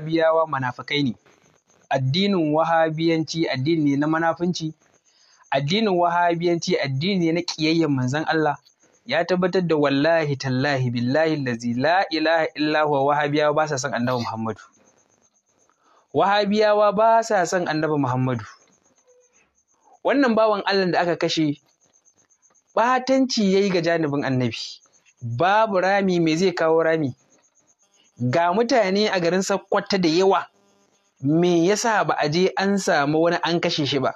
wahabiyawa manafakai ne addinin wahabiyanci addini ne na manafinci addinin wahabiyanci addini ne na ƙiyayyen manzon Allah ya tabbatar da wallahi tallahi billahi lazi la ilaha illa huwa wahabiyawa ba sa son annabi Muhammadu wahabiyawa ba sa son annabi Muhammadu wannan bawan Allah da aka kashe batanci yayi ga janibin annabi babu rami me zai kawo rami ga mutane a garin sakkwata da yawa me yasa ba a je an samu wani an kashe shi ba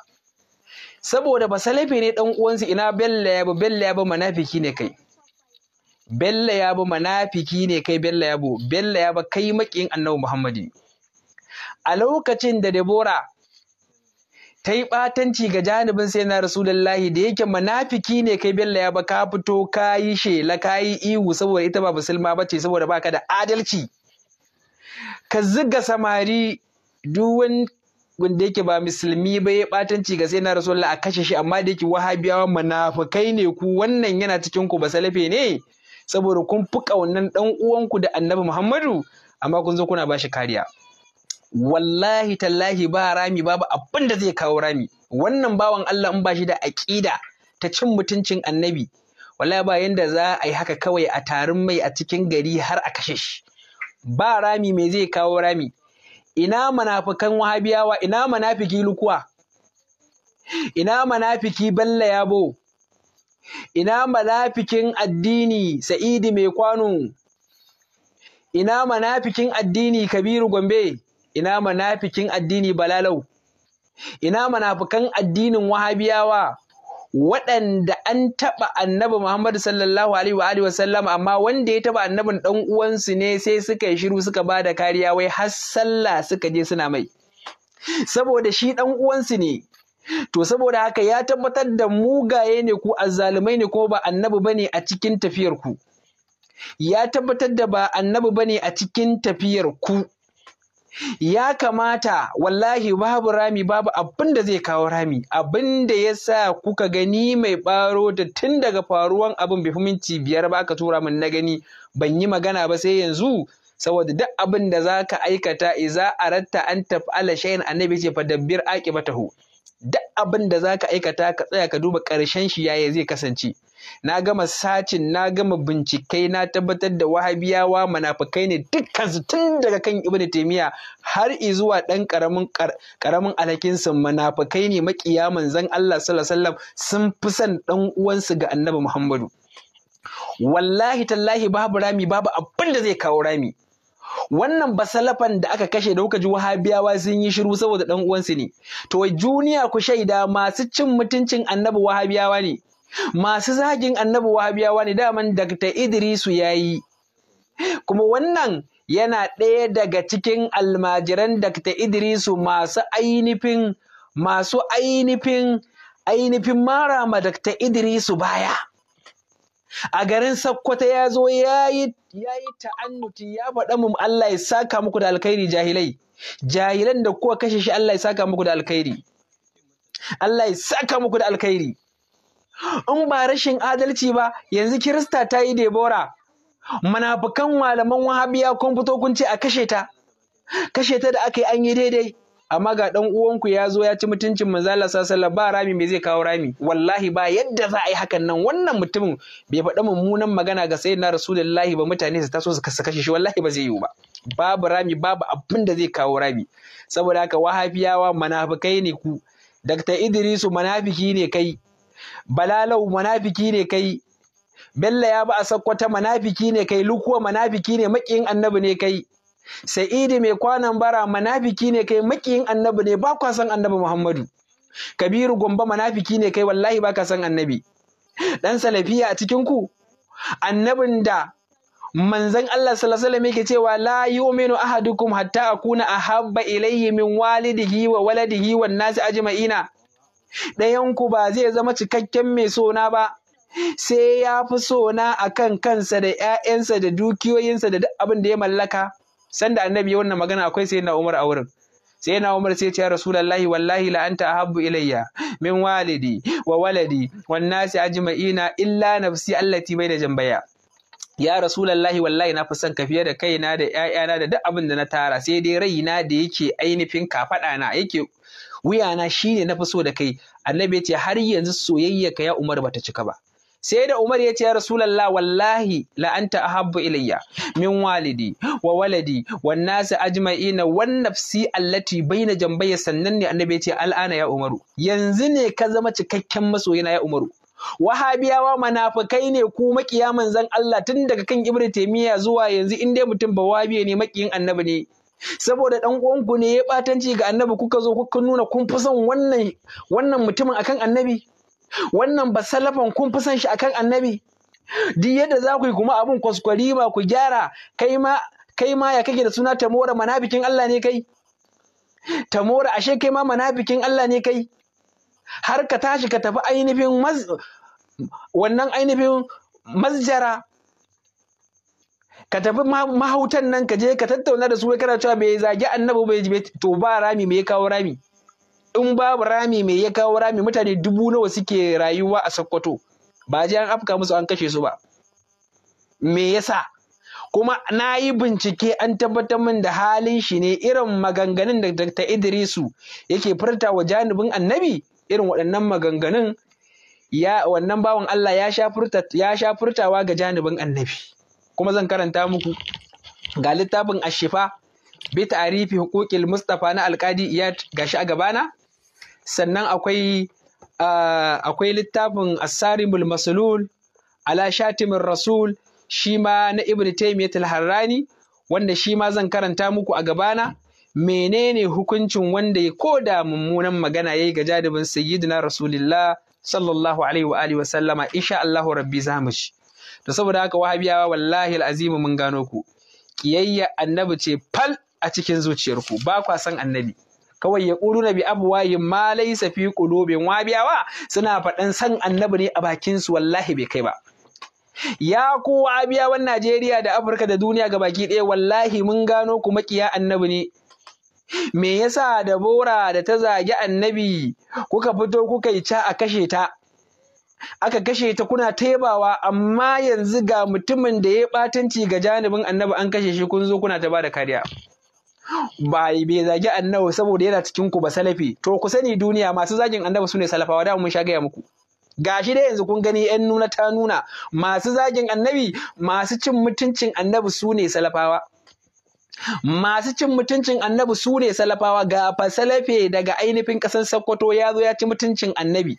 saboda ba salafi ne dan uwansu ina bella ya bu bella ya bu manafiki ne kai bella ya manafiki ne kai bella ya bella ya kai makin annabi muhammadi a lokacin da debora ta yi ɓatanci ga janibin sai na rasulullahi da yake manafiki ne kai bella ya ba ka fito ka yi shela ka yi ihu saboda ita ba musulma ba ce saboda baka da adalci ka ziga samari duk wanda yake ba musulmi ba ya batanci ga sai na rasulullah a kashe shi amma da yake wahabiyawa munafikai ne ku wannan yana cikin ku ba salafe ne saboda kun fi kaunan dan uwanku da annabi muhammadu amma kun zo kuna bashi kariya wallahi tallahi ba rami babu abin da zai kawo rami wannan bawan Allah in ba shi da aƙida ta cin mutuncin annabi wallahi ba yanda za a yi haka kawai a tarin mai a cikin gari har a kashe shi ba rami me zai kawo rami ina munafikan wahabiyawa ina munafiki lukuwa ina munafiki balla yabo ina munafikin addini sa'idi mai kwano ina munafikin addini kabiru gombe ina munafikin addini balalau ina manafikan addinin wahabiyawa waɗanda an taɓa annabi Muhammadu sallallahu alaihi wa wasallam amma wanda ya taɓa annabin ɗan uwansu ne sai suka yi shiru suka ba da kariya wai har sallah suka je suna mai saboda shi ɗan uwansu ne to saboda haka ya tabbatar da mugaye ne ku azzalumai ne ko ba annabi ne a cikin tafiyar ku ya tabbatar da ba annabi ne a cikin tafiyar ku ya kamata wallahi babu rami babu abin da zai kawo rami abin da ya sa kuka gani mai baro da tun daga faruwan abin bai minti biyar ba aka tura min na gani ban yi magana ba sai yanzu saboda duk abin da za ka aikata iza ratta an tafi ala shay'in annabi ce fadabbir aki duk abin da za ka aikata ka tsaya ka duba ƙarshen shi yaya zai kasance na gama sacin na gama bincikai na tabbatar da wahabiyawa munafikai ne dukkan su tun daga kan ibnu taymiya har zuwa dan karamin karamin alhakin ne makiya manzon Allah sallallahu alaihi sun fi son dan uwansu ga annabi Muhammadu wallahi tallahi babu rami babu abin da zai kawo rami wannan basalafan da aka kashe da kuka ji wahabiyawa sun yi shiru saboda dan uwansu ne to juniya ku shaida masu cin mutuncin annabi wahabiyawa ne masu zagin annabi wahabiyawa ne daman dakta idrisu ya yi kuma wannan yana ɗaya daga cikin almajiran dakta idrisu masu ainifin masu ainifin ainifin mara ma dakta idrisu baya a garin sakkwata ya zo ya yi ta'annuti ya faɗa mu Allah ya saka muku da alkhairi jahilai jahilan da kuwa kashe shi Allah ya saka muku da alkhairi Allah ya saka muku da alkhairi in ba rashin adalci ba yanzu kirista ta yi debora munafukan malaman wahabiya kun fito kun ce a kashe ta kashe ta da aka yi an yi daidai amma ga dan uwanku ya zo ya ci mutuncin manzala sasala ba rami me zai kawo rami wallahi ba yadda za a yi hakan nan wannan mutumin bai faɗa mummunan magana ga sai sayyidina rasulullahi ba mutane su taso su kashe shi wallahi ba zai yiwu ba babu rami babu abin da zai kawo rami saboda haka wahabiyawa manafukai ne ku Dr. Idrisu manafiki ne kai balalau manafiki ne kai bello ya ba a sakkwata manafiki ne kai lukuwa manafiki ne makiyin annabi ne kai sa'idi mai kwanan bara manafiki ne kai makiyin annabi ne ba kwa san annabi muhammadu kabiru gomba manafiki ne kai wallahi ba ka san annabi dan salafiya a cikin ku annabin da manzon Allah sallallahu alaihi yake cewa la yu'minu ahadukum hatta akuna ahabba ilayhi min walidihi wa waladihi wan nasi ajma'ina ɗayanku ba zai zama cikakken mai sona ba sai ya fi sona a kan kansa da ‘ya'yansa da dukiyoyinsa da duk abin da ya mallaka sanda annabi ya wannan magana akwai sai na umar a wurin sai na umar sai ce ya rasulallahi wallahi la anta ahabbu ilayya min walidi wa waladi wan nasi ajma'ina illa nafsi allati bai da jambaya ya rasulallahi wallahi na fi son ka fiye da kaina da ‘ya'yana da duk abin da na tara sai dai raina da yake ainihin kafaɗa na yake wuyana shi ne na fi so da kai annabi ya ce har yanzu soyayya ka ya umar bata cika ba sai da Umar ya ce ya Rasulallah wallahi la anta ahabbu ilayya min walidi wa waladi wan nasi ajma'ina wan nafsi allati baina jambay sannan ne annabi ya ce al'ana ya Umaru yanzu ne ka zama cikakken masoyina ya Umaru wahabiyawa manafikai ne ku maƙiya zan Allah tun daga kan Ibrahim zuwa yanzu in dai mutum ba ne makiyin annabi ne saboda dan uwanku ne ya batanci ga annabi kuka zo kuka nuna kun fi son wannan wannan mutumin akan annabi wannan salafan kun fi son shi akan annabi duk yadda za ku yi kuma abun kwaskwari ma ku gyara kai ma kai ma ya kake da suna tamora manabikin Allah ne kai tamora ashe kai ma manabikin Allah ne kai har ka tashi ka tafi ainihin wannan ainihin masjara ka tafi mahautan nan ka je ka tattauna da su kai kana cewa ya zagi annabi bai to ba rami me ya kawo rami in babu rami me ya kawo rami mutane dubu nawa suke rayuwa a Sokoto ba je an afka musu an kashe su ba me yasa kuma na yi bincike an tabbatar min da halin shi ne irin maganganun da Dr. Idrisu yake furta wa janibin annabi irin waɗannan maganganun ya wannan bawan Allah ya sha furtawa ga janibin annabi kuma zan karanta muku ga littafin ashifa bi ta'arifi huquqil mustafa na alkadi iyad gashi a gabana sannan akwai akwai littafin asarimul maslul ala shatimin rasul shi ma na ibn taymiyatul harrani wanda shi ma zan karanta muku a gabana menene hukuncin wanda ya koda mummunan magana yayi ga jadibin sayyidina rasulullah sallallahu alaihi wa alihi wa sallama insha Allahu rabbi zamu ci da saboda haka wahabiyawa wallahi al'azimu mun gano ku kiyayya annabi ce fal a cikin zuciyarku ba kwa san annabi kawai ya ƙuru na bi ma laisa fi ƙulubin wabiyawa suna faɗan san annabi ne a bakinsu wallahi bai kai ba ya ku wahabiyawan Najeriya da Afirka da duniya ga baki ɗaya wallahi mun gano ku makiya annabi ne me yasa da bora da ta zagi annabi kuka fito kuka yi ca a kashe ta aka kashe ta kuna taibawa amma yanzu ga mutumin da ya batanci ga janibin annabi an kashe shi kun zo kuna ta bada kariya ba bai zagi annabi saboda yana cikin ku ba salafi to ku sani duniya masu zagin annabi sune salafawa da mun sha gaya muku gashi dai yanzu kun gani yan nuna ta nuna masu zagin annabi masu cin mutuncin annabi sune salafawa masu cin mutuncin annabi su ne salafawa ga fasalafe daga ainihin ƙasar sokoto ya zo ya ci mutuncin annabi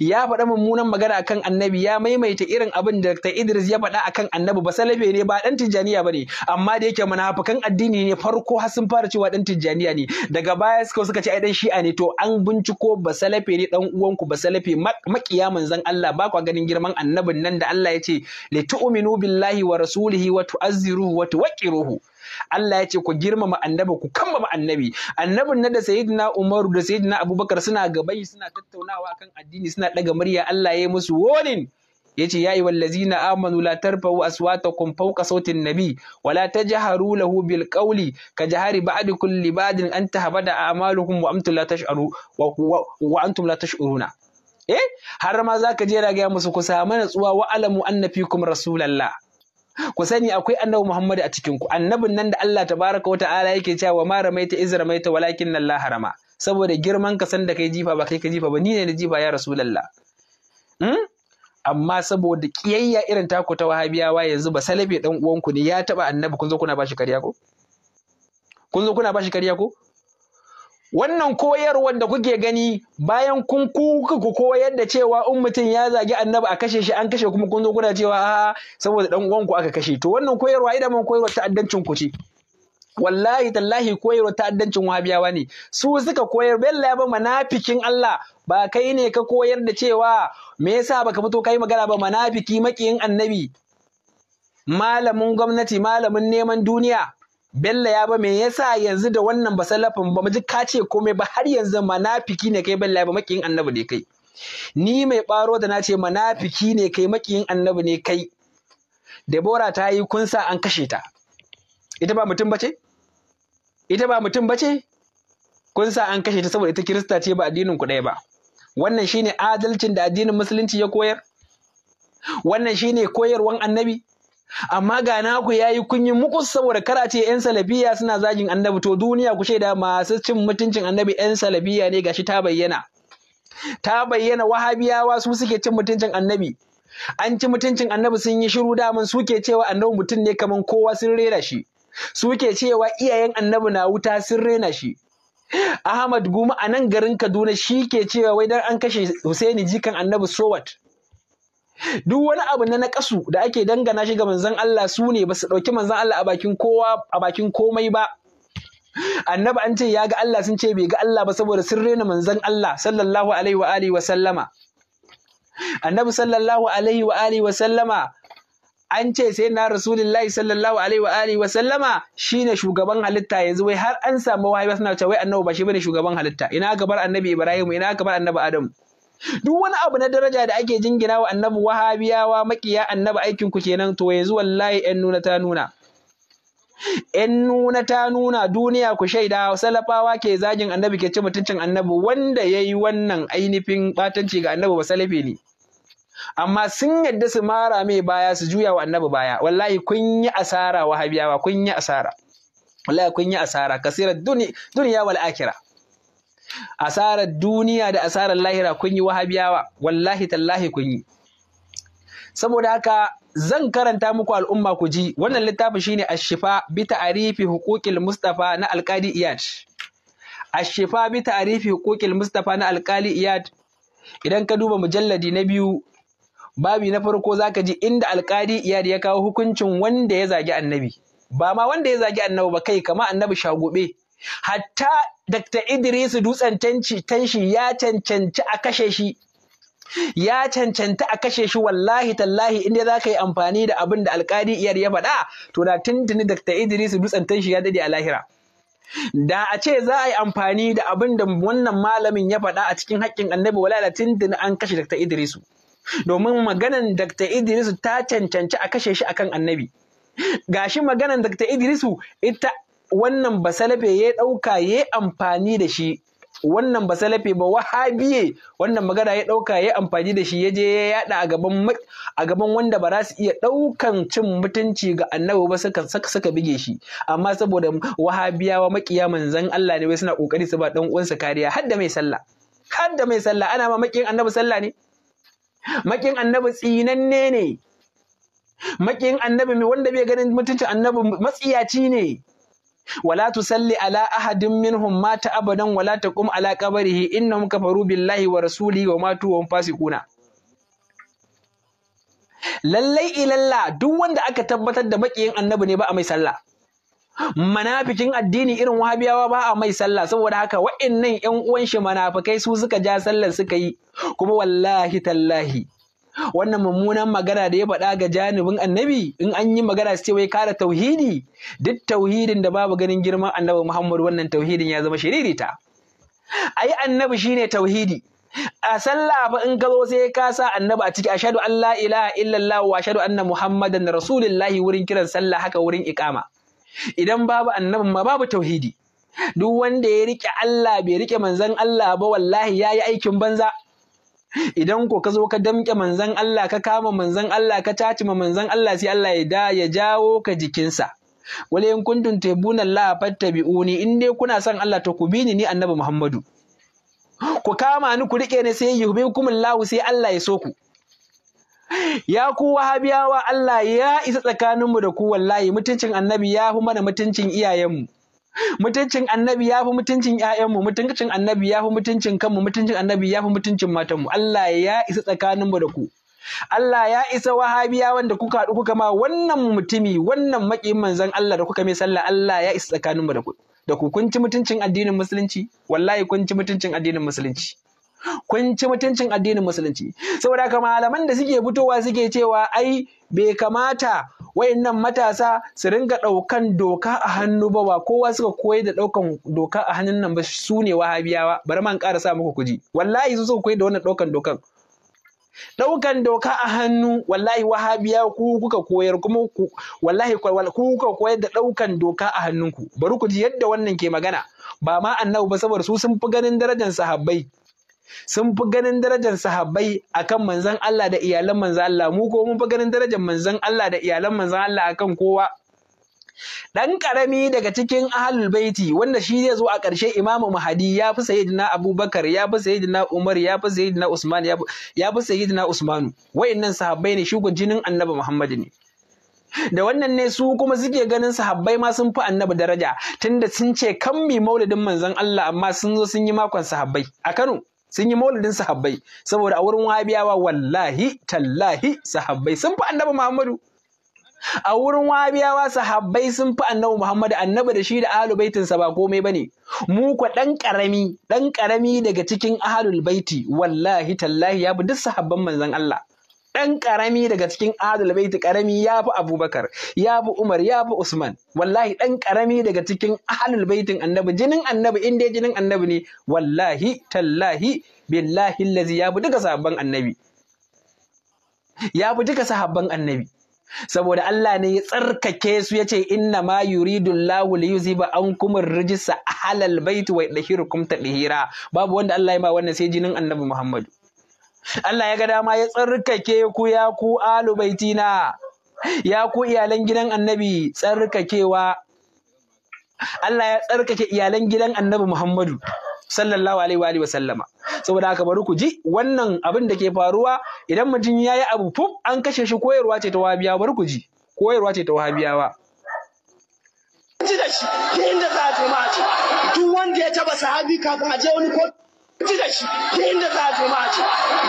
ya faɗa mummunan magana akan annabi ya maimaita irin abin da Dr. Idris ya faɗa akan annabi ba salafe ne ba dan tijjaniya ne. amma da yake munafukan addini ne farko har sun fara cewa dan tijjaniya ne daga baya suka suka ce ai dan shi'a ne to an binciko ba salafe ne dan uwanku ba salafe makiya manzon Allah ba kwa ganin girman annabin nan da Allah ya ce li tu'minu billahi wa rasulihi wa tu'azziruhu wa tuwaqqiruhu Allah ya ce ku girmama annabi ku kammama annabi annabin na da sayyidina Umaru da sayyidina Abubakar suna gabai suna tattaunawa kan addini suna daga murya Allah ya yi musu warning yace ya ayyuhal ladzina amanu la tarfa'u aswatakum fawqa sautin nabi wa la tajharu lahu bil qawli ka jahari ba'dikum li ba'din an tahbada a'malukum wa antum la tash'uru wa antum la tash'uruna eh har ma zaka je raga musu ku samu natsuwa wa alamu anna fikum rasulallah ku sani akwai annabi Muhammadu a cikin ku annabin nan da Allah tabaraka wa ta'ala yake cewa ma ramaita iz ramaita walakin Allah harama saboda girman ka san da kai jifa ba kai ka jifa ba ni ne na jifa ya rasulullah hmm? amma saboda kiyayya irin taku ta wahabiyawa yanzu ba salafe dan uwanku ne ya taba annabi kun zo kuna bashi kariya ko kun zo kuna bashi kariya ko wannan koyarwar da kuke gani bayan kun kuka ku koyar da cewa in mutum ya zagi annabi a kashe shi an kashe kuma kun zo kuna cewa a'a saboda dan ku aka kashe to wannan koyarwa idan mun koyarwar ta'addancin ku ce wallahi tallahi koyarwa ta'addancin wahabiyawa ne su suka koyar bella ba manafikin Allah ba kai ne ka koyar da cewa me yasa baka fito kai magana ba manafiki makiyin annabi malamin gwamnati malamin neman duniya Bello ya ba me yasa yanzu da wannan ba salafin ba mu ji ka ce komai ba har yanzu manafiki ne kai Bello ya ba makiyin annabi ne kai ni mai baro da na ce manafiki ne kai makiyin annabi ne kai Debora ta yi kunsa an kashe ta ita ba mutum bace ita ba mutum bace kunsa an kashe ta saboda ita kirista ce ba addinin ku ɗaya ba wannan shine adalcin da addinin musulunci ya koyar wannan shine koyarwan annabi amma ga naku yi kun yi muku saboda kar a ce yan salafiya suna zagin annabi to duniya ku shaida masu cin mutuncin annabi yan salafiya ne gashi ta bayyana ta bayyana wahabiyawa su suke cin mutuncin annabi an ci mutuncin annabi sun yi shiru daman suke cewa annabi mutum ne kaman kowa sun rena shi suke cewa iyayen annabi na wuta sun rena shi Ahmad Guma a nan garin Kaduna shi ke cewa wai dan an kashe Husaini jikan annabi Sowat duk wani abu na naƙasu da ake dangana shi ga manzon Allah su ne ba su ɗauki manzon Allah a bakin kowa a bakin komai ba annabi an ce ya ga Allah sun ce bai ga Allah ba saboda sun rena manzon Allah sallallahu alaihi wa alihi wa sallama annabi sallallahu alaihi wa alihi wa sallama an ce sai na rasulullahi sallallahu alaihi wa alihi wa sallama shine shugaban halitta yanzu wai har an samu wahayi suna cewa wai annabi ba shi bane shugaban halitta ina gabar annabi Ibrahim ina gabar annabi Adam duk wani abu na daraja da ake jingina wa annabi wahabiyawa makiya annabi aikinku kenan to yanzu wallahi yan nuna ta nuna yan nuna ta nuna duniya ku shaida salafawa ke zagin annabi ke ci mutuncin annabi wanda ya yi wannan ainihin batanci ga annabi ba salafe ne amma sun yadda su mara mai baya su juya wa annabi baya wallahi kun yi asara wahabiyawa kun yi asara wallahi kun yi asara kasirar duniya wal akira asarar duniya da asarar lahira kun yi wahabiyawa wallahi tallahi kun yi saboda haka zan karanta muku al'umma ku ji wannan littafi shine ashifa bi ta'rifi huquqil mustafa na alqadi iyad ashifa bi ta'rifi huquqil mustafa na alqali iyad idan ka duba mujalladi na biyu babi na farko zaka ji inda alqadi iyad ya kawo hukuncin wanda ya zagi annabi ba ma wanda ya zagi annabi ba kai kama annabi shagube hatta Dr. Idris dutsen tanshi ya cancanci a kashe shi ya cancanta a kashe shi wallahi tallahi inda za ka yi amfani da abin da alkali iyar ya faɗa to da tuntuni Dr. Idris dutsen tanshi ya dade a lahira da a ce za a yi amfani da abin da wannan malamin ya faɗa a cikin haƙƙin annabi wala da tuntuni an kashe Dr. Idris domin maganan Dr. Idris ta cancanci a kashe shi akan annabi gashi maganan Dr. Idris ita wannan basalafe ya ɗauka ya amfani da shi wannan basalafe ba wahabiye wannan magana ya ɗauka ya amfani da shi ya je ya yaɗa a gaban a wanda ba za su iya ɗaukan cin mutunci ga annabi ba suka saka suka bige shi amma saboda wahabiyawa makiya manzon Allah ne wai suna kokari su ba dan uwansa kariya har da mai sallah har da mai sallah ana ma makin annabi sallah ne makin annabi tsinanne ne makin annabi mai wanda bai ganin mutuncin annabi matsiyaci ne Walatu salli ala ahadin minhum mata abadan wala taqum ala qabrihi innahum kafaru billahi wa rasulihi wa matu lallai ilalla duk wanda aka tabbatar da makiyin annabi ne ba a mai sallah manafikin addini irin wahabiyawa ba a mai sallah saboda haka wa'annan yan uwan shi manafikai su suka ja sallar suka yi kuma wallahi tallahi wannan mummunan magana da ya faɗa ga janibin annabi in an yi magana su ce wai kare tauhidi duk tauhidin da babu ganin girma, annabi Muhammadu, wannan tauhidin ya zama shiririta ai annabi shine tauhidi a sallah fa in ka zo sai ka sa annabi a ciki ashadu an la ilaha illallah wa ashadu anna muhammadan rasulullahi wurin kiran sallah haka wurin iqama idan babu annabin ma babu tauhidi duk wanda ya rike Allah bai rike manzon Allah ba wallahi yayi aikin banza idan ko ka zo ka damƙe manzan Allah ka kama manzon Allah ka ma manzon Allah sai Allah ya da ya jawo ka jikinsa wala in kuntum tuhibuna Allah fattabi'uni in dai kuna son Allah to ku bi ni ni annabi Muhammadu ku kama ni ku rike ni sai lahu sai Allah ya so ku ya ku wahabiyawa Allah ya isa tsakaninmu da ku wallahi mutuncin annabi ya fi mana mutuncin iyayenmu mutuncin annabi ya fi mutuncin ‘ya'yanmu, mutuncin annabi ya fi mutuncin kanmu, mutuncin annabi ya fi mutuncin matanmu. Allah ya isa tsakaninmu da ku. Allah ya isa wahabiya wanda kuka haɗu kuka ma wannan mutumi wannan maƙin manzon Allah da kuka mai sallah Allah ya isa tsakaninmu da ku. Da ku kun ci mutuncin addinin musulunci, wallahi kun ci mutuncin addinin musulunci. kun ci mutuncin addinin musulunci saboda haka malaman da suke fitowa suke cewa ai bai kamata wayannan matasa su ringa ɗaukan doka a hannu ba ba kowa suka koyi da ɗaukan doka a hannun nan ba su ne wahabiyawa bari man ƙara sa muku kuji wallahi su suka koyi da wannan ɗaukan dokan ɗaukan doka a hannu wallahi wahabiya ku kuka koyar kuma ku wallahi ku kuka koyar da ɗaukan doka a hannunku bari ku ji yadda wannan ke magana ba ma annabi ba saboda su sun fi ganin darajar sahabbai sun fi ganin darajar sahabbai akan manzon Allah da iyalan manzan Allah mu ko mun fi ganin darajar manzon Allah da iyalan manzan Allah akan kowa dan karami daga cikin ahlul baiti wanda shi zai zo a ƙarshe imamu mahadi ya fi sayyidina abubakar ya fi sayyidina umar ya fi sayyidina usman ya fi sayyidina usmanu wayannan sahabbai ne shugaban jinin annabi muhammad ne da wannan ne su kuma suke ganin sahabbai ma sun fi annabi daraja tunda sun ce kan mi maulidin manzon Allah amma sun zo sun yi makon sahabbai a Kano sun yi maulidin sahabbai saboda a wurin wahabiyawa wallahi tallahi sahabbai sun fi annabi muhammadu a wurin wahabiyawa sahabbai sun fi annabi muhammadu annabi da shi da ahlul baitin sa ba komai bane mu ko dan karami dan karami daga cikin ahlul baiti wallahi tallahi ya bi duk sahabban manzon Allah ɗan ƙarami daga cikin adal baiti ƙarami ya fi abubakar ya fi umar ya fi usman wallahi ɗan ƙarami daga cikin ahlul baitin annabi jinin annabi in dai jinin annabi ne wallahi tallahi billahi lazi ya fi duka sahabban annabi ya fi duka sahabban annabi saboda Allah ne ya tsarkake su ya ce inna ma yuridu Allahu li yuziba ankum rijsa ahlal baiti wa yudhhirukum tadhira babu wanda Allah ya ma wannan sai jinin annabi Muhammadu Allah ya ga dama ya tsarkake ku ya ku alu baitina ya ku iyalan gidan annabi tsarkakewa Allah ya tsarkake iyalan gidan annabi Muhammadu sallallahu alaihi wa sallama saboda haka bari ku ji wannan abin da ke faruwa idan mutum ya yi abu fuf an kashe shi koyarwa ce ta wahabiyawa bari ku ji koyarwa ce ta wahabiyawa ji da shi duk inda za a ma a duk wanda ya taba sahabi kafin a je wani kotu ji da shi ta inda za a je ma a ce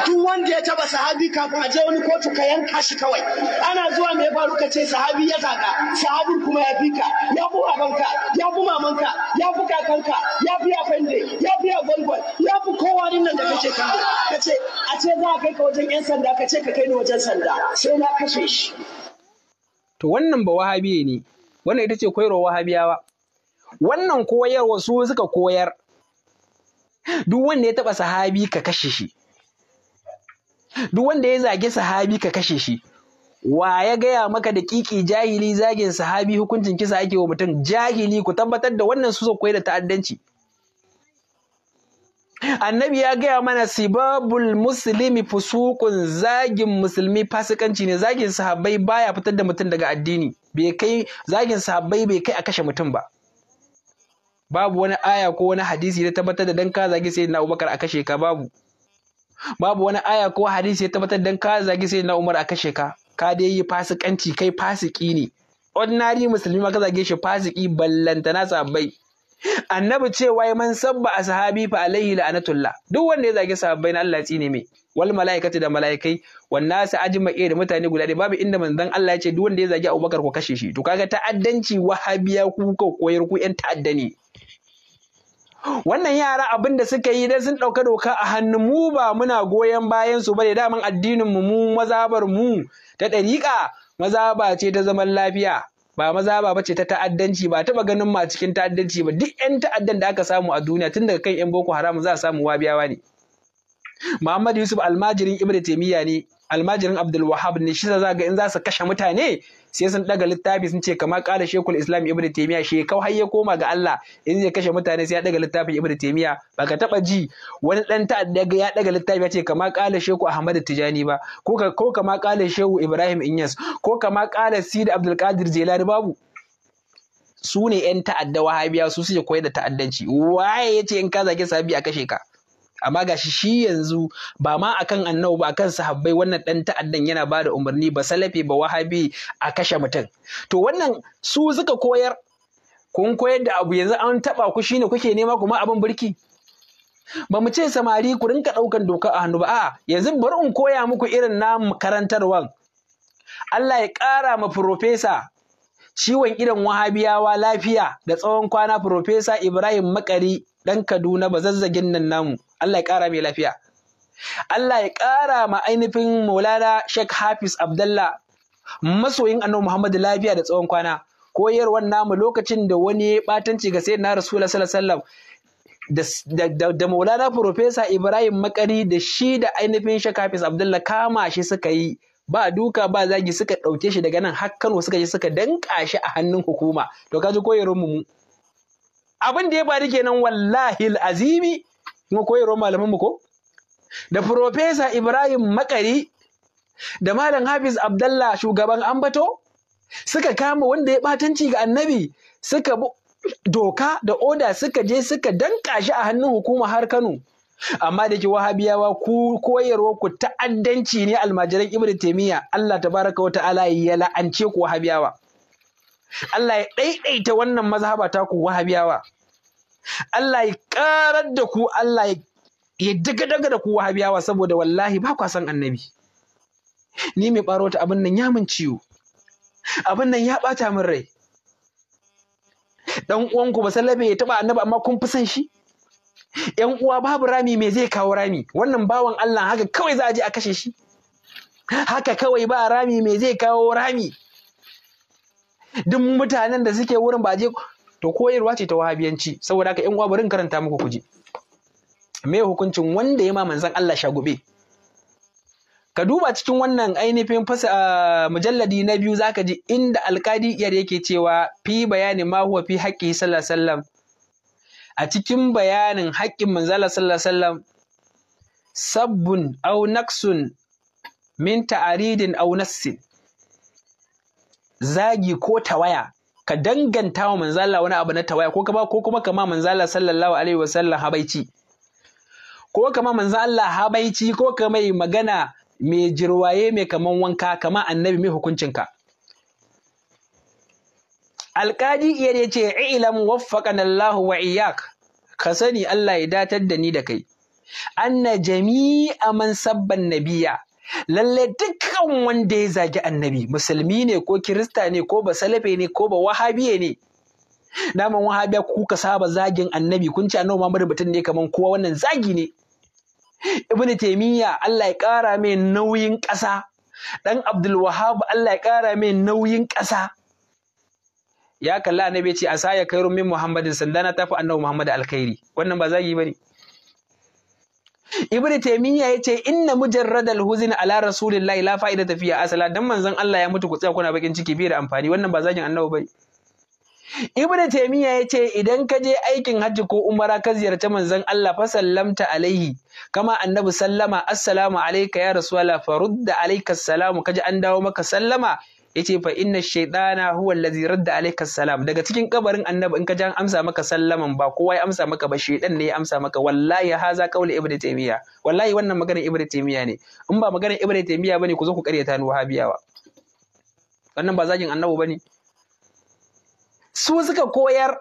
duk wanda ya taba sahabi kafin a je wani kotu ka yanka shi kawai ana zuwa mai faru ka ce sahabi ya zaga sahabin kuma ya fi ka ya fi babanka ya fi mamanka ya fi kakanka ya fi afende ya fi agwalgwal ya fi kowa din nan da kake kan ka ce a ce za a kai ka wajen yan sanda ka ce ka kai ni wajen sanda sai na kashe shi to wannan ba wahabiye ne wannan ita ce koyarwar wahabiyawa wannan koyarwa su suka koyar duk wanda ya taɓa sahabi ka kashe shi duk wanda ya zage sahabi ka kashe shi wa ya gaya maka da kiki jahili zagin sahabi hukuncin kisa ake wa mutum jahili ku tabbatar da wannan su koyi da ta'addanci annabi ya gaya mana sibabul muslimi fusukun zagin musulmi fasikanci ne zagin sahabbai baya fitar da mutum daga addini bai kai zagin sahabbai bai kai a kashe mutum ba babu wani aya ko wani hadisi da tabbatar da dan ka zagi na Abubakar a kashe ka babu babu wani aya ko hadisi da tabbatar dan ka zagi na Umar a kashe ka ka dai yi fasikanci kai fasiki ne ordinary musulmi ma ka zage shi fasiki ballantana sabbai annabi cewa ya man sabba a fa alaihi la'natullah duk wanda ya zage sabai na Allah ya tsine mai wal malaikati da malaikai wan nasu ajma'i da mutane guda ɗaya babu inda manzon Allah ya ce duk wanda ya zage Abubakar ko kashe shi to kaga ta'addanci wahabiya ku ko koyar ku yan ta'adda ne wannan yara abin da suka yi dan sun ɗauka doka a hannu mu ba muna goyon bayan su bane daman addinin mu mu mazabar mu ta ɗariƙa mazaba ce ta zaman lafiya ba mazaba ba ce ta ta'addanci ba taɓa ganin ma cikin ta'addanci ba duk 'yan ta'addan da aka samu a duniya tun daga kan 'yan boko haram za a samu wabiyawa ne Muhammad Yusuf almajirin Ibn taimiyya ne almajirin Abdul ne shi za ga in za su kashe mutane sai sun daga littafi sun ce kamar kala shekul islam ibnu taymiya shekau har ya koma ga Allah in zai kashe mutane sai ya daga littafin ibnu Ba ka taba ji wani ɗan ta'adda ya daga littafi ya ce kamar kala sheku ahmad tijani ba ko ko kamar kala shehu ibrahim inyas ko kamar kala sid abdul qadir jilani babu su ne 'yan ta'adda wahabiya su suke koyar da ta'addanci waye ya ce in ka zage sabi a kashe ka amma ga shi shi yanzu ba ma akan annabu ba kan sahabbai wannan ɗan ta'addan yana ba da umarni ba salafi ba wahabi a kashe mutum to wannan su suka koyar kun koyar da abu yanzu an taɓa ku shine kuke nema kuma abin birki ba mu ce samari ku rinka ɗaukan doka a hannu ba a yanzu bari in koya muku irin na karantarwan Allah ya ƙara ma profesa ciwon idan wahabiyawa lafiya da tsawon kwana profesa Ibrahim Makari ɗan Kaduna ba zazzagin nan namu Allah ya ƙara mai lafiya Allah ya ƙara ma ainihin Maulana Sheikh Hafiz Abdallah masoyin Annabi Muhammadu lafiya da tsawon kwana koyarwar namu lokacin da wani ya batanci ga sayyidina Rasulullah sallallahu alaihi wasallam da Maulana Profesa Ibrahim Makari da shi da ainihin Sheikh Hafiz Abdullah, kama shi suka yi ba duka ba zagi suka ɗauke shi daga nan har Kano suka je suka danka shi a hannun hukuma to kaji koyarwar mu abin da ya faru kenan wallahi azimi kuma koyarwar mu ko da Profesa Ibrahim Makari da Malam Hafiz Abdullah shugaban Ambato suka kama wanda ya batanci ga annabi suka doka da oda suka je suka danka shi a hannun hukuma har Kano amma da ke wahabiyawa ku koyarwa ku ta'addanci ne almajiran Ibn Taymiyyah Allah tabaraka wata'ala ya la'ance ku wahabiyawa Allah ya ɗaiɗaita wannan mazhaba ta ku wahabiyawa Allah ya karar da ku Allah ya daga daga da ku wahabiyawa saboda wallahi ba kwa san annabi ni mai ɓaro ta abin nan ya min ciwo abin nan ya ɓata min rai dan uwanku ba salabe ya taba annabi amma kun fi san shi yan uwa babu rami me zai kawo rami wannan bawan Allah haka kawai za a je a kashe shi haka kawai ba rami me zai kawo rami duk mutanen da suke wurin ba je to koyarwa ce ta wahabiyanci saboda haka ƴan uwa barin karanta muku kuje me hukuncin wanda ya ma manzon Allah sha gube ka duba cikin wannan ainihin fasa mujalladi na biyu zaka ji inda alkadi iyar yake cewa fi bayani ma huwa fi haƙƙi sallallahu sallam a cikin bayanin haƙƙin manzala sallallahu sallam sabbun au naqsun min ta'aridin au nassin zagi ko tawaya ka danganta wa manzala wani abu na tawaya ko ka ko kuma kama manzala sallallahu alaihi wa wasallam habaici ko kama manzala habaici ko ka mai magana mai jirwaye mai kaman wanka kama annabi mai hukuncinka alƙadi iya ne ce ilam waffaqana Allah wa iyyak ka sani Allah ya datar da ni da kai anna jami'a man sabban nabiya lalle dukkan wanda ya zagi annabi musulmi ne ko kirista ne ko ba salafe ne ko ba wahabiye ne naman wahabiya kuka saba zagin annabi kun ci annabi Muhammadu mutum ne kaman kowa wannan zagi ne ibnu Taimiyya, Allah ya kara mai nauyin ƙasa dan abdul wahab Allah ya kara mai nauyin ƙasa ya kalla annabi ya ce asaya kairu min muhammadin sandana tafi annabi Muhammadu alkhairi wannan ba zagi bane ibnu taymiya yace inna mujarradal huzn ala rasulillahi la fa'ida tafiya asala dan manzon Allah ya mutu ku tsaya kuna bakin ciki fiye da amfani wannan ba zagin annabi bane ibnu taymiya ce, idan ka je aikin hajji ko umara ka ziyarci manzon Allah fa sallamta alaihi kama annabi sallama assalamu alayka ya rasulullah farudda alayka assalamu kaji an dawo maka sallama ce fa inna shaidana huwa allazi radda alayka salam daga cikin kabarin annabi in ka ji an amsa maka sallaman ba kowa ya amsa maka ba shaidan ne ya amsa maka wallahi haza qauli ibnu taymiya wallahi wannan maganar ibnu taymiya ne in ba maganar ibnu taymiya bane ku zo ku karyata ni wahabiyawa wannan ba zagin annabi bane su suka koyar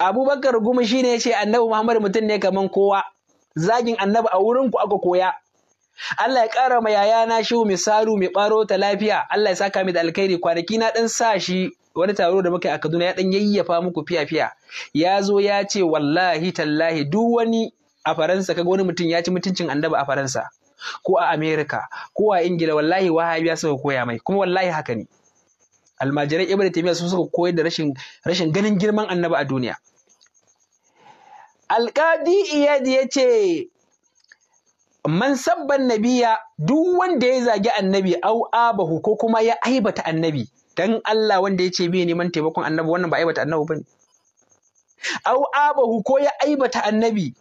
abubakar gumi shine yace annabi muhammad mutum ne kaman kowa zagin annabi a wurin ku aka koya Allah ya ƙara ma yayana shehu misalu mai ɓaro ta lafiya Allah ya saka mi da alkhairi kwanaki na ɗan sa shi wani taro da muka yi a Kaduna ya ɗan yayyafa muku fiya fiya ya zo ya ce wallahi tallahi duk wani a Faransa kaga wani mutum ya ci mutuncin annaba a Faransa ko a Amerika ko a Ingila wallahi ya suka koya mai kuma wallahi haka ne almajirai ibn taymiya su suka koyar da rashin rashin ganin girman annaba a duniya alƙadi iyadi ya ce man sabban nabiya duk wanda ya zagi annabi au abahu ko kuma ya aibata annabi dan Allah wanda ya ce bai neman taimakon annabi wannan ba aibata annabi bane au abahu ko ya aibata annabi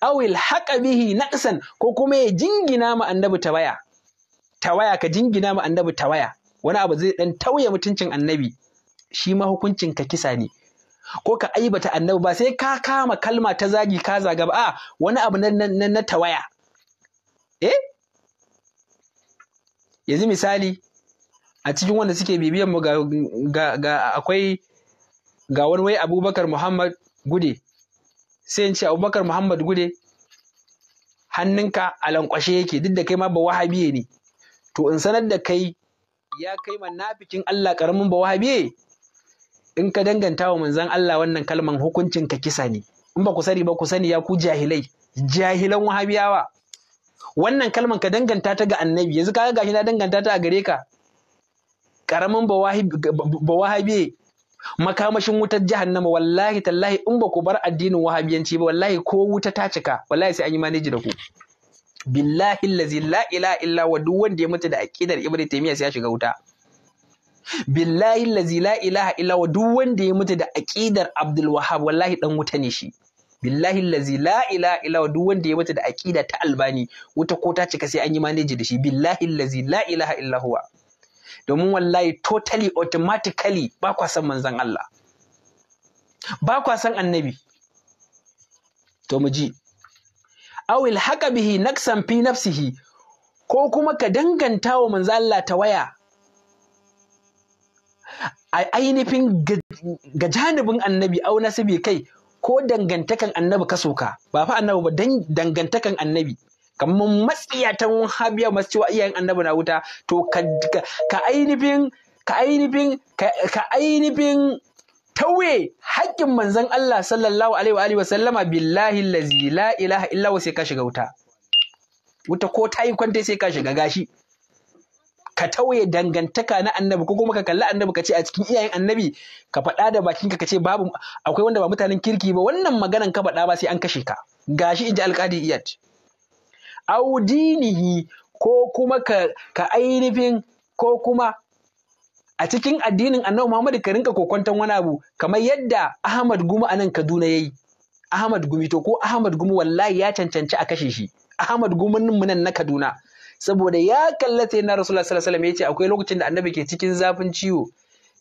au haqa bihi naqsan ko kuma ya jingina ma annabi tawaya tawaya ka jingina ma annabi tawaya wani abu zai dan tauye mutuncin annabi shi ma hukuncin ka kisa ne ko ka aibata annabi ba sai ka kama kalma ta zagi ka zaga ba a wani abu na tawaya eh yanzu misali a cikin wanda suke bibiyan mu ga akwai ga wani wai abubakar muhammad gude sai in ce abubakar muhammad gude hannunka a lankwashe yake duk da kai ma ba wahabiye ne to in sanar da kai ya kai manafikin allah karamin ba wahabiye in ka danganta wa manzon Allah wannan kalman hukuncin ka kisa ne in ba ku sani ba ku sani ya ku jahilai jahilan wahabiyawa wannan kalman ka danganta ta ga annabi yanzu kaga gashi na danganta ta a gare ka karamin ba wahabi makamashin wutar jahannama wallahi tallahi in ba ku bar addinin wahabiyanci ba wallahi ko wuta ta cika wallahi sai an yi maneji da ku billahi allazi la ilaha illa wa duk wanda ya mutu da aqidar ibnu taymiya sai ya shiga wuta billahi lazi la ilaha illa duk wanda ya mutu da aqidar Abdul Wahhab wallahi dan wuta ne shi billahi lazi la ilaha illa duk wanda ya mutu da aqida ta Albani wuta ko ta cika sai an yi manage da shi billahi lazi la ilaha illa huwa domin wallahi totally automatically ba kwa san manzon Allah ba kwa san annabi to mu ji awil haka bihi naqsan fi nafsihi ko kuma ka danganta wa manzo Allah ta waya a ainihin ga janibin annabi au nasibi kai ko dangantakan annabi ka soka ba fa annabi ba dangantakan annabi kamar matsiyatan wahabiya masu cewa iyayen annabi na wuta to ka ainihin ka ainihin ka tauye haƙƙin manzon Allah sallallahu alaihi wa wa sallama billahi lazi la ilaha illa sai ka shiga wuta wuta ko ta yi kwanta sai ka shiga gashi ka tauye dangantaka na annabi ko kuma ka kalli annabi ka ce a cikin iyayen annabi ka faɗa da bakinka ka ce babu akwai wanda ba mutanen kirki ba wannan maganan ka faɗa ba sai an kashe ka gashi inji alƙadi iyad au dinihi ko kuma ka, ka ainihin ko kuma a cikin addinin annabi Muhammad ka rinka kokonton wani abu kamar yadda Ahmad Gumi a Kaduna yayi Ahmad Gumi to ko Ahmad Gumi wallahi ya cancanci a kashe shi Ahmad Gumin nan na Kaduna saboda ya kalla sai na rasulullah sallallahu alaihi wasallam yace akwai lokacin da annabi ke cikin zafin ciwo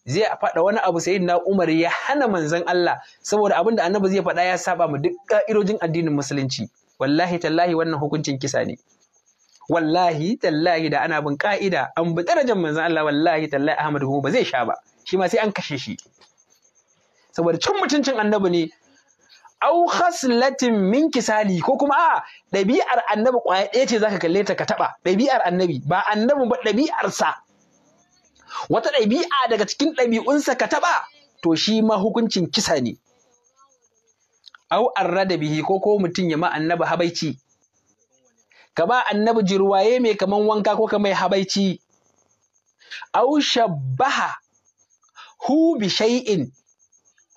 zai faɗa wani abu sai na Umar ya hana manzon Allah saboda abin da annabi zai faɗa ya saba mu duk ka'idojin addinin musulunci wallahi tallahi wannan hukuncin kisa ne wallahi tallahi da ana bin ka'ida an bi darajar manzon Allah wallahi tallahi Ahmad kuma ba zai sha ba shi ma sai an kashe shi saboda cin mutuncin annabi ne au khaslatin min kisali ko kuma a ɗabi'ar annabi ƙwaya ɗaya ce zaka kalle ta ka taɓa ɗabi'ar annabi ba annabin ba ɗabi'arsa wata ɗabi'a daga cikin ɗabi'unsa ka taɓa to shi ma hukuncin kisa ne au arrada bihi ko ko mutum ya ma annabi habaici ka ba annabi jirwaye mai kaman wanka ko kamar habaici au shabbaha hu bi shay'in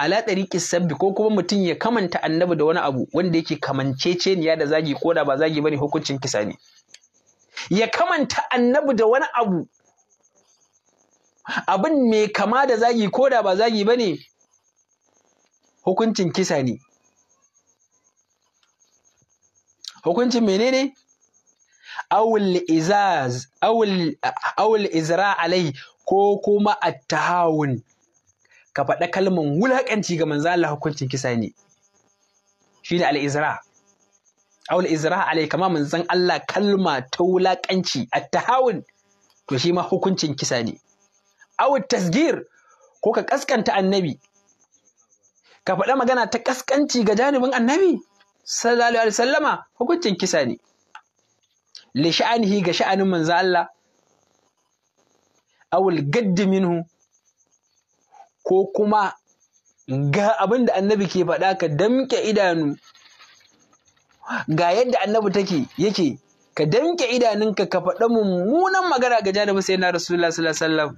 ala ɗariƙi sabbi ko kuma mutum ya kamanta annabi da wani abu wanda yake kamanceceniya da zagi ko da ba zagi bane hukuncin kisa ne ya kamanta annabi da wani abu abin mai kama da zagi ko da ba zagi bane hukuncin kisa ne hukuncin menene awul awul izra alai ko kuma attahawun ka faɗa kalman wulaƙanci ga manzo Allah hukuncin kisa ne shine al-izra aul izra alai kama manzon Allah kalma ta wulaƙanci at-tahawun to shi ma hukuncin kisa ne aw tasgir ko ka kaskanta annabi ka faɗa magana ta kaskanci ga janibin annabi sallallahu alaihi wasallama hukuncin kisa ne li sha'anihi ga sha'anin manzo Allah awul gaddi minhu ko kuma ga abin da annabi ke faɗa ka damƙe idanu ga yadda annabi take yake ka damƙe idanunka ka faɗa mummunan magana ga janabi sai na rasulullah sallallahu alaihi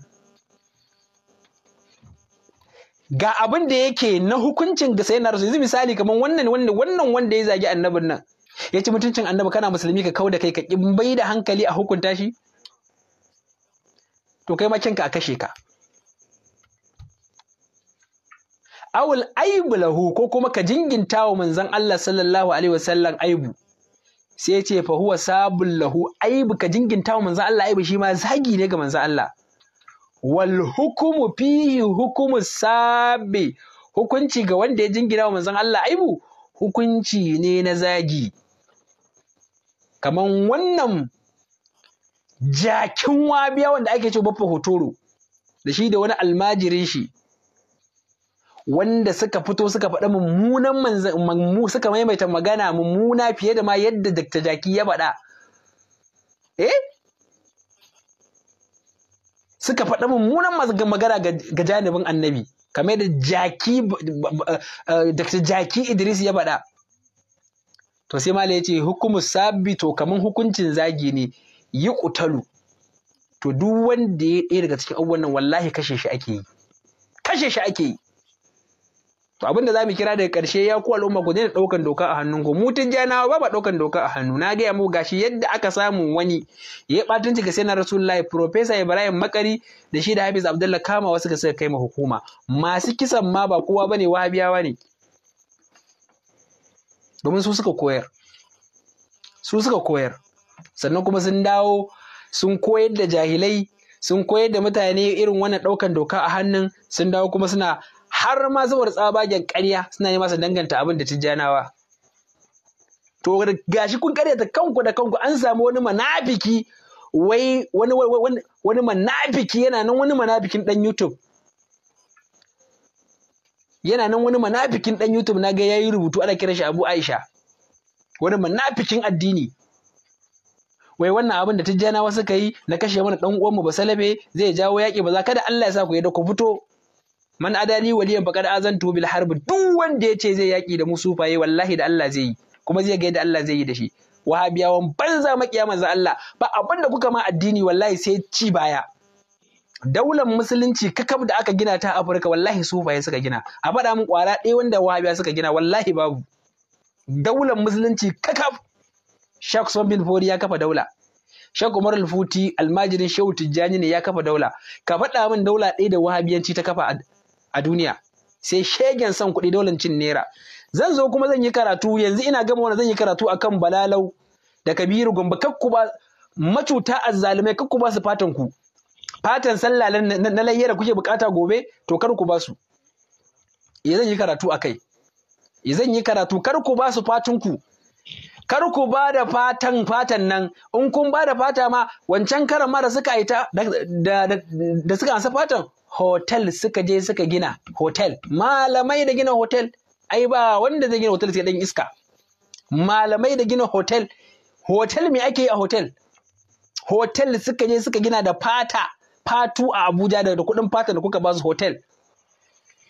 ga abin da yake na hukuncin ga sai na rasu yanzu misali kamar wannan wanda wannan wanda ya zagi annabin nan ya ci mutuncin annabi kana musulmi ka kau da kai ka bai da hankali a hukunta shi to kai ma kinka a kashe ka awul aibu lahu ko kuma ka jinginta wa manzon Allah sallallahu alaihi wasallam aibu sai ce fa huwa sabul lahu aibu ka jinginta wa manzon Allah aibu shi ma zagi ne ga manzon Allah wal hukumu fihi hukumu sabi hukunci ga wanda ya jingina wa manzon Allah aibu hukunci ne na zagi kaman wannan jakin wabiya wanda ake ce babba hotoro da shi da wani almajirin shi wanda suka fito suka faɗa mummunan manzan suka maimaita magana mummuna fiye da ma yadda Dr. Jaki ya faɗa eh suka faɗa mummunan magana ga janibin annabi kamar da jaki eh, eh, Dr. Jaki Idris ya faɗa to sai ya ce hukumu sabi to kaman hukuncin zagi ne yi kutalu to duk wanda ya ɗaya daga cikin abubuwan nan wallahi kashe shi ake yi kashe shi ake yi to abinda za mu kira daga ƙarshe ya ku al'umma ku daina ɗaukan doka a hannunku mu tijjanawa ba ba ɗaukan doka a hannu na gaya mu gashi yadda aka samu wani ya ɓatunci ga sai na rasulullahi professor ibrahim makari da shi da hafiz abdullah kama wasu ka suka kai ma hukuma masu kisan ma ba kowa bane wahabiyawa ne domin su suka koyar su suka koyar sannan kuma sun dawo sun koyar da jahilai sun koyar da mutane irin wannan ɗaukan doka a hannun sun dawo kuma suna har ma saboda tsabagen ƙarya suna yi masa danganta abin da tijjanawa to gashi kun karyata kanku da kanku an samu wani manafiki wai wani wani wani manafiki yana nan wani manafikin ɗan YouTube yana nan wani manafikin ɗan YouTube na ga yayi rubutu ana kiran shi Abu Aisha wani manafikin addini wai wannan abin da tijjanawa suka yi na kashe mana ɗan uwanmu salabe zai jawo yaƙi ba za kada Allah ya sa ku da ku fito man adali waliyan azan tubi bil harbi duk wanda ya ce zai yaki da mu sufaye wallahi da Allah zai yi kuma zai ga yadda Allah zai yi da shi wahabiyawan banza makiya manzo Allah ba abin da kuka ma addini wallahi sai ci baya daular musulunci kakab da aka gina ta Afirka wallahi sufaye suka gina a faɗa min kwara ɗaya wanda wahabiya suka gina wallahi babu daular musulunci kakab Sheikh bin Fori ya kafa daula Sheikh Umar al almajirin Shehu Tijjani ne ya kafa daula ka faɗa min daula ɗaya da wahabiyanci ta kafa a duniya sai shegen son kuɗi dolan cin naira zan zo kuma zan yi karatu yanzu ina gama wani zan yi karatu akan balalau da kabiru gombe kakku ba macuta azzalumai kakku ba su fatan ku fatan sallah na layya da kuke bukata gobe to kar ku ba su ya zan yi karatu akai ya zan yi karatu kar ku ba su fatan ku kar ku ba da fatan fatan nan in kun ba da fata ma wancan karan ma da suka aita da suka ansa fatan hotel suka je suka gina hotel malamai da gina hotel ai ba wanda zai gina hotel sai dan iska malamai da gina hotel hotel me ake yi a hotel hotel suka je suka gina da fata fatu a Abuja da kudin fata da kuka ba su hotel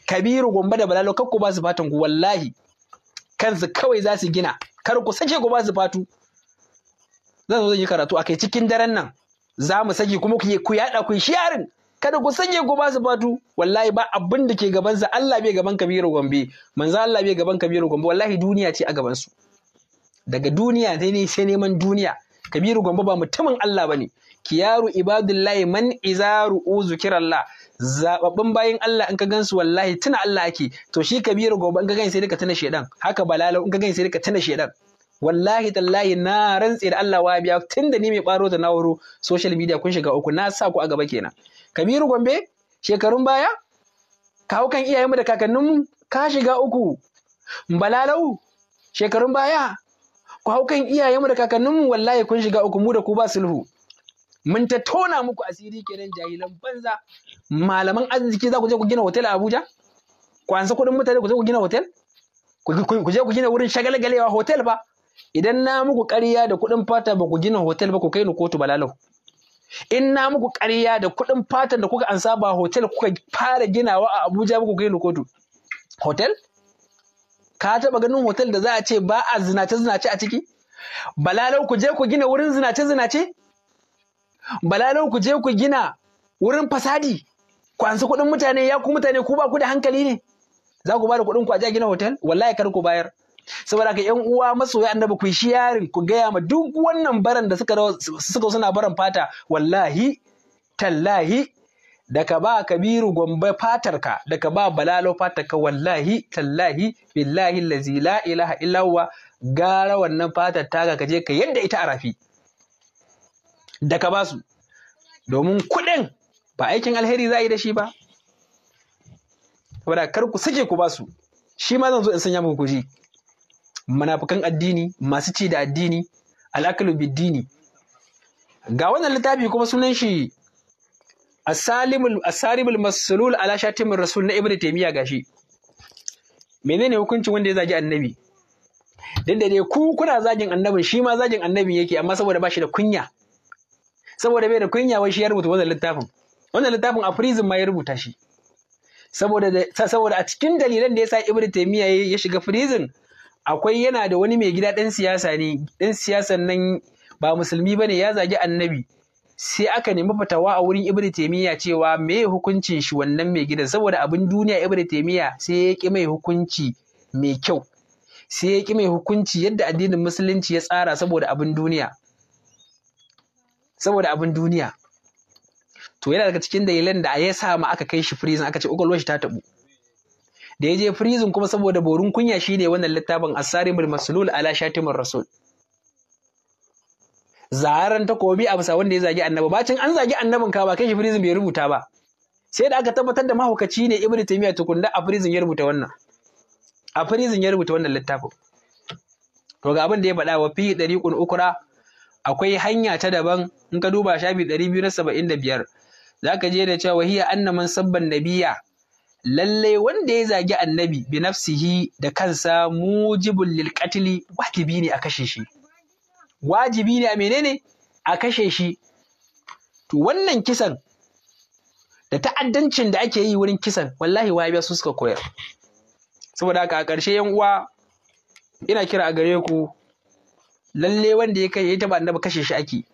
Kabiru Gombe da Balalo kar ba su fatan ku wallahi kansu kawai za su gina kar ku sake ku ba su fatu zan zo zan yi karatu akai cikin daren nan za mu saki kuma ku yada, ku yi yarin. kada ku sanye ku ba su fatu wallahi ba abin da ke gaban sa Allah bai gaban Kabiru Gombe manzo Allah bai gaban Kabiru Gombe wallahi duniya ce a gaban su daga duniya ne ne sai neman duniya Kabiru Gombe ba mutumin Allah bane kiyaru ibadullahi man izaru uzukirallah zababbin bayin Allah in ka gansu wallahi tuna Allah ake to shi Kabiru Gombe in ka gani sai ka tuna shedan haka balalau in ka gani sai ka tuna shedan wallahi tallahi na rantse da Allah wa biya tunda ni mai baro da na waro social media kun shiga uku na sa ku a gaba kenan Kabiru Gombe shekarun baya ka hau kan iyayenmu da kakanninmu ka shiga uku. Balalau shekarun baya ku hau kan iyayenmu da kakanninmu wallahi kun shiga uku mu da ku ba sulhu. Mun ta tona muku asiri kenan jahilan banza malaman arziki za ku je ku gina hotel a Abuja? Ku ansa kuɗin mutane ku je ku gina hotel? Ku je ku gina wurin shagalgalewa hotel ba? Idan na muku ƙarya da kuɗin fata ba ku gina hotel ba ku kai ni kotu balalau. in na muku ƙarya da kuɗin fatan da kuka ansa ba hotel kuka fara ginawa a Abuja muku ku kai hotel ka taɓa ganin hotel da za a ce ba a zinace zinace a ciki balalau ku je ku gina wurin zinace zinace balalau ku je ku gina wurin fasadi ku ansa kuɗin mutane ya ku mutane ku ba ku da hankali ne za ku ba da kuɗin ku a je gina hotel wallahi kar ku bayar saboda ka yan uwa masoya annabi ku shi yarin ku gaya ma duk wannan baran da suka suka suna baran fata wallahi tallahi daga ba kabiru gombe fatarka ka ba balalo fatarka wallahi tallahi billahi allazi la ilaha illa gara wannan fatar taga ka je ka yadda ita a rafi daga ba su domin kuɗin ba aikin alheri za a yi da shi ba saboda kar ku sake ku ba shi ma zan zo in sanya muku kuji munafukan addini masu ci da addini alakalu biddini ga wannan littafi kuma sunan shi asarimul masulul ala shatimul rasul na ibnu taymiya gashi menene hukuncin wanda ya zagi annabi dan da ku kuna zagin annabin shi ma zagin annabin yake amma saboda ba shi da kunya saboda bai da kunya wai shi ya rubuta wannan littafin wannan littafin a prison ma ya rubuta shi saboda a cikin dalilan da ya sa ibnu taymiya ya shiga prison akwai yana da wani mai gida ɗan siyasa ne ɗan siyasan nan ba musulmi ba ne ya zagi annabi sai aka nemi fatawa a wurin ibn taimiyya cewa me hukuncin shi wannan mai gidan saboda abin duniya ibn taimiyya sai ya ƙi mai hukunci mai kyau sai ya ƙi mai hukunci yadda addinin musulunci ya tsara saboda abin duniya saboda abin duniya to yana daga cikin dalilan da ya sa ma aka kai shi prison aka ce ƙwaƙwalwar shi ta taɓu da ya je prison kuma saboda borin kunya shine wannan littafin mul maslul ala shatimur rasul zaharan takobi a bisa wanda ya zagi annabi bacin an zagi annabin ka ba kai shi prison bai rubuta ba sai da aka tabbatar da mahaukaci ne ibnu taymiya tukunna a prison ya rubuta wannan a prison ya rubuta wannan littafin to ga abin da ya faɗa wa fi kun ukura, akwai hanya ta daban in ka duba shafi za ka je da cewa wahiya anna sabban nabiya lalle wanda ya zagi annabi bi nafsihi da kansa mujibul lil qatli wajibi ne a kashe shi wajibi ne a menene a kashe shi to wannan kisan da ta'addancin da ake yi wurin kisan wallahi wahabiya su suka koyar saboda haka a ƙarshe yan uwa ina kira a gare ku lalle wanda ya kai ya taba annabi kashe shi ake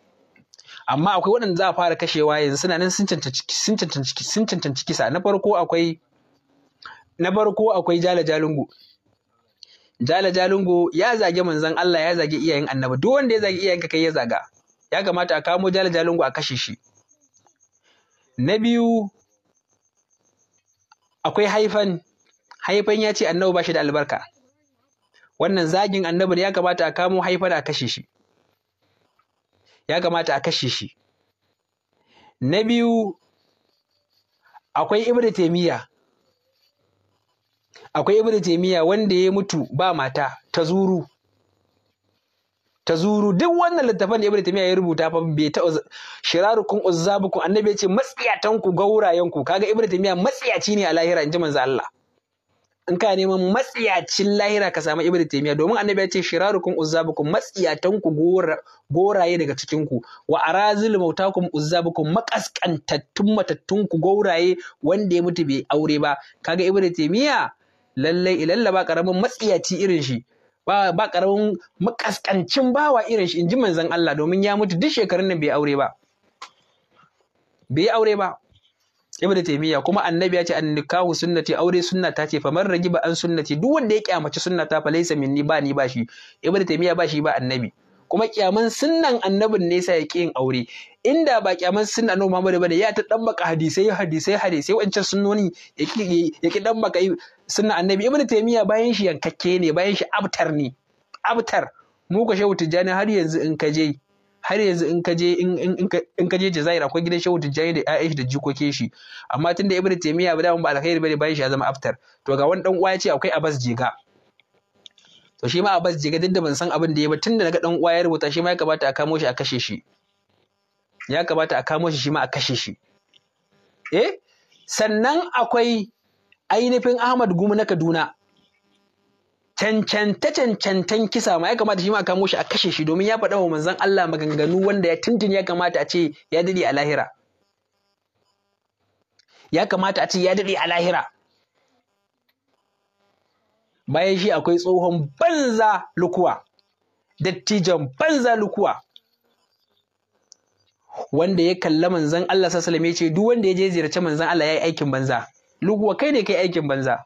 amma akwai waɗanda za a fara kashewa yanzu suna nan sun cancanci kisa na farko akwai na farko akwai jala jalungu jala jalungu ya zage manzon Allah ya zage iyayen annabi duk wanda ya zage iyayenka kai ya zaga ya kamata a kamo jala jalungu a kashe shi na biyu akwai haifan haifan ya ce annabi ba shi da albarka wannan zagin annabi ya kamata a kamo haifan a kashe shi ya kamata a kashe shi na biyu akwai ibn taimiyya akwai ibnu wanda ya mutu ba mata ta zuru ta zuru duk wannan littafin da ibn ya rubuta fa bai ta shirarukun uzzabukum annabi ya ce matsiyatan ku gaurayen ku kaga ibnu taimiya matsiyaci ne a lahira inji manzo Allah in ka neman matsiyacin lahira ka samu ibnu taimiya domin annabi ya ce shirarukun uzzabukum matsiyatan ku goraye daga cikin ku wa arazil mautakum uzzabukum makaskantattun matattun ku gauraye wanda ya mutu bai aure ba kaga ibnu taimiya lallai ilalla ba karamin matsiyaci irin shi ba ba karamin makaskancin bawa irin shi in inji manzon Allah domin ya mutu duk shekarun nan bai aure ba bai aure ba ibn taymiya kuma annabi ya ce annikahu sunnati aure sunnata ce faman ragiba an sunnati duk wanda ya kyamaci sunnata fa laysa minni ba ni ba shi ibn taymiya ba shi ba annabi kuma kyaman sunnan annabin ne sa ya ƙi yin aure inda ba kyamar suna noma ba bane ya ta dan baka hadisai hadisai hadisai wancan sunnoni ya ki dan baka suna annabi ibnu taymiya bayan shi yankakke ne bayan shi abtar ne abtar mu shehu tijjani har yanzu in ka je har yanzu in ka je in ka je Jazair akwai gidan Shehu Tijjani da Aisha da jikoke shi amma tunda Ibn taimiyya ba ba alkhairi bane bayan shi ya zama abtar. to ga wani dan uwa ya ce akwai Abbas Jega to shi ma Abbas Jega duk da ban san abin da ya ba tunda naga dan uwa ya rubuta shi ma ya kamata a kamo shi a kashe shi ya kamata a kamo shi shi ma a kashe shi eh sannan akwai ainihin Ahmad Gumu na Kaduna cancanta cancantan kisa ma ya kamata shi ma a kamo shi a kashe shi domin ya faɗa wa manzan Allah maganganu wanda ya tuntun ya kamata a ce ya daɗe a lahira ya kamata a ce ya daɗe a lahira bayan shi akwai tsohon banza lukuwa dattijan banza lukuwa wanda ya kalla manzan Allah sallallahu alaihi wasallam ya ce duk wanda ya je ziyarci manzan Allah yayi aikin banza luguwa kai ne kai aikin banza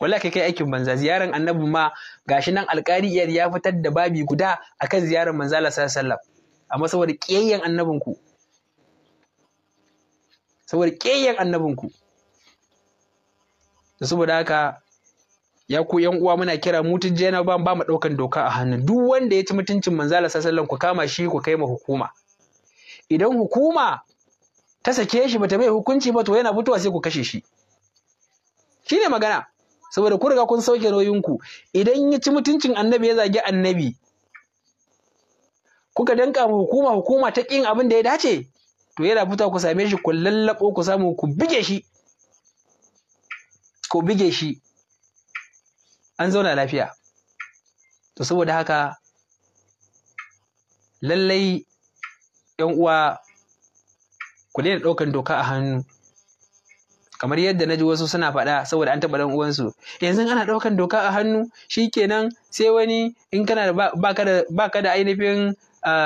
wallahi kai kai aikin banza ziyaran annabi ma gashi nan alƙari iyar ya fitar da babi guda akan ziyaran manzan Allah sallallahu alaihi wasallam amma saboda kiyayyen annabinku saboda kiyayyen annabinku saboda haka ya ku yan uwa muna kira mu na ba ba mu daukan doka a hannu duk wanda ya ci mutuncin Allah sallallahu ku kama shi ku kai ma hukuma idan hukuma ta sake shi bata mai hukunci ba to yana fitowa sai ku kashe shi shine magana saboda ku riga kun sauke ku. idan ya ci mutuncin annabi ya zagi annabi kuka danka mu hukuma hukuma ta kin abin da ya dace to yana fitowa ku same shi ku lallabo ku samu ku bige shi ku bige shi an zauna lafiya to saboda haka lallai yan uwa ku daina ɗaukan doka a hannu kamar yadda na ji wasu suna faɗa saboda an taɓa ɗan uwansu yanzu ana ɗaukan doka a hannu shi shikenan sai wani in kana da baka da ainihin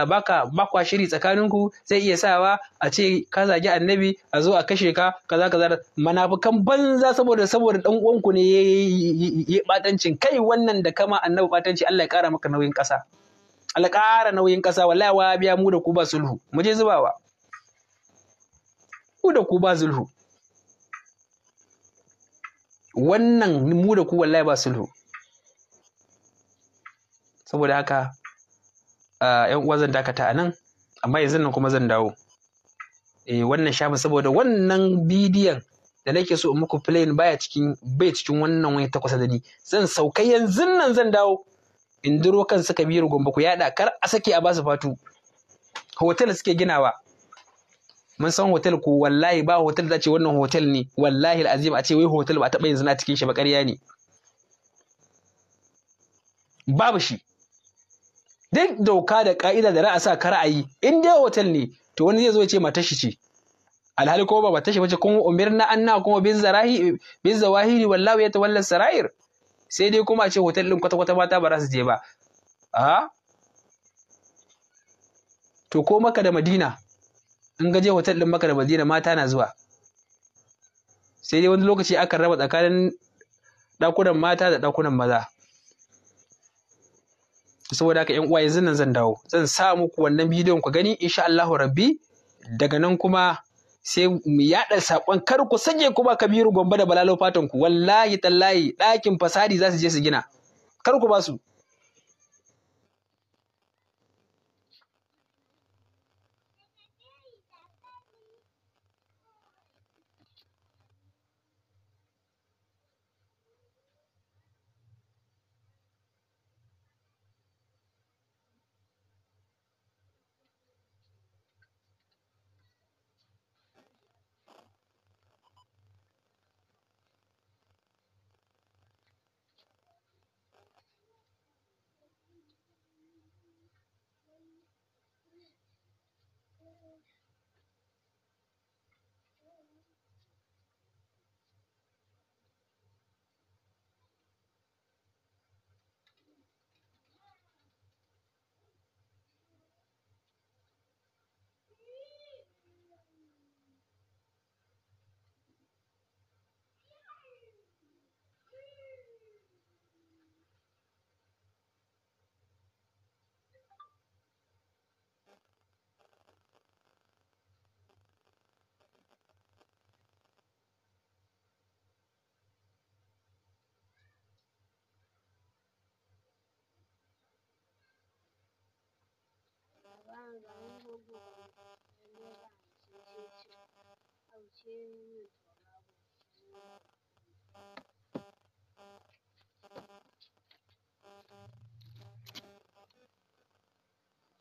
baka bakwa shiri tsakaninku zai iya sawa a ce ka zagi annabi a zo a kashe ka kaza kaza manafukan banza saboda saboda dan uwanku ne ya batancin kai wannan da kama annabi batanci Allah ya kara maka nauyin kasa Allah kara nauyin kasa wallahi wa biya mu da ku ba sulhu mu je zubawa ku da ku ba sulhu wannan mu da ku wallahi ba sulhu saboda haka yan uwa zan dakata a nan amma yanzu nan kuma zan dawo eh wannan shafin saboda wannan bidiyon da nake so in muku playin baya cikin bai cikin wannan wani takwas da ni zan sauka yanzu nan zan dawo in duro kan suka biyar gombe ku yada kar a sake a basu fatu hotel suke ginawa mun san hotel ko wallahi ba hotel za wannan hotel ne wallahi al'azim a ce wai hotel ba taɓa yanzu na cikin shi ba ƙarya ne babu shi duk doka da ka'ida da ra'a sa ka ra'ayi in dai hotel ne to wani zai zo ya ce ma shi ce alhali ko ba matar shi ce kuma umirna anna kuma bin zarahi bin zawahiri ta yatawalla sarair sai dai kuma a ce hotel din kwata kwata mata ba za su je ba a to ko maka da madina in gaje hotel din maka da madina mata na zuwa sai dai wani lokaci akan raba tsakanin ɗakunan mata da ɗakunan maza saboda haka yan uwa yanzu nan zan dawo zan sa muku wannan bidiyon ku gani insha Allahu rabbi daga nan kuma sai mu yaɗa sakon kar ku sake kuma kabiru gombe da balalo fatan ku wallahi tallahi ɗakin fasadi za su je su gina kar ku ba su 人无不可，天下之皆小。二千日。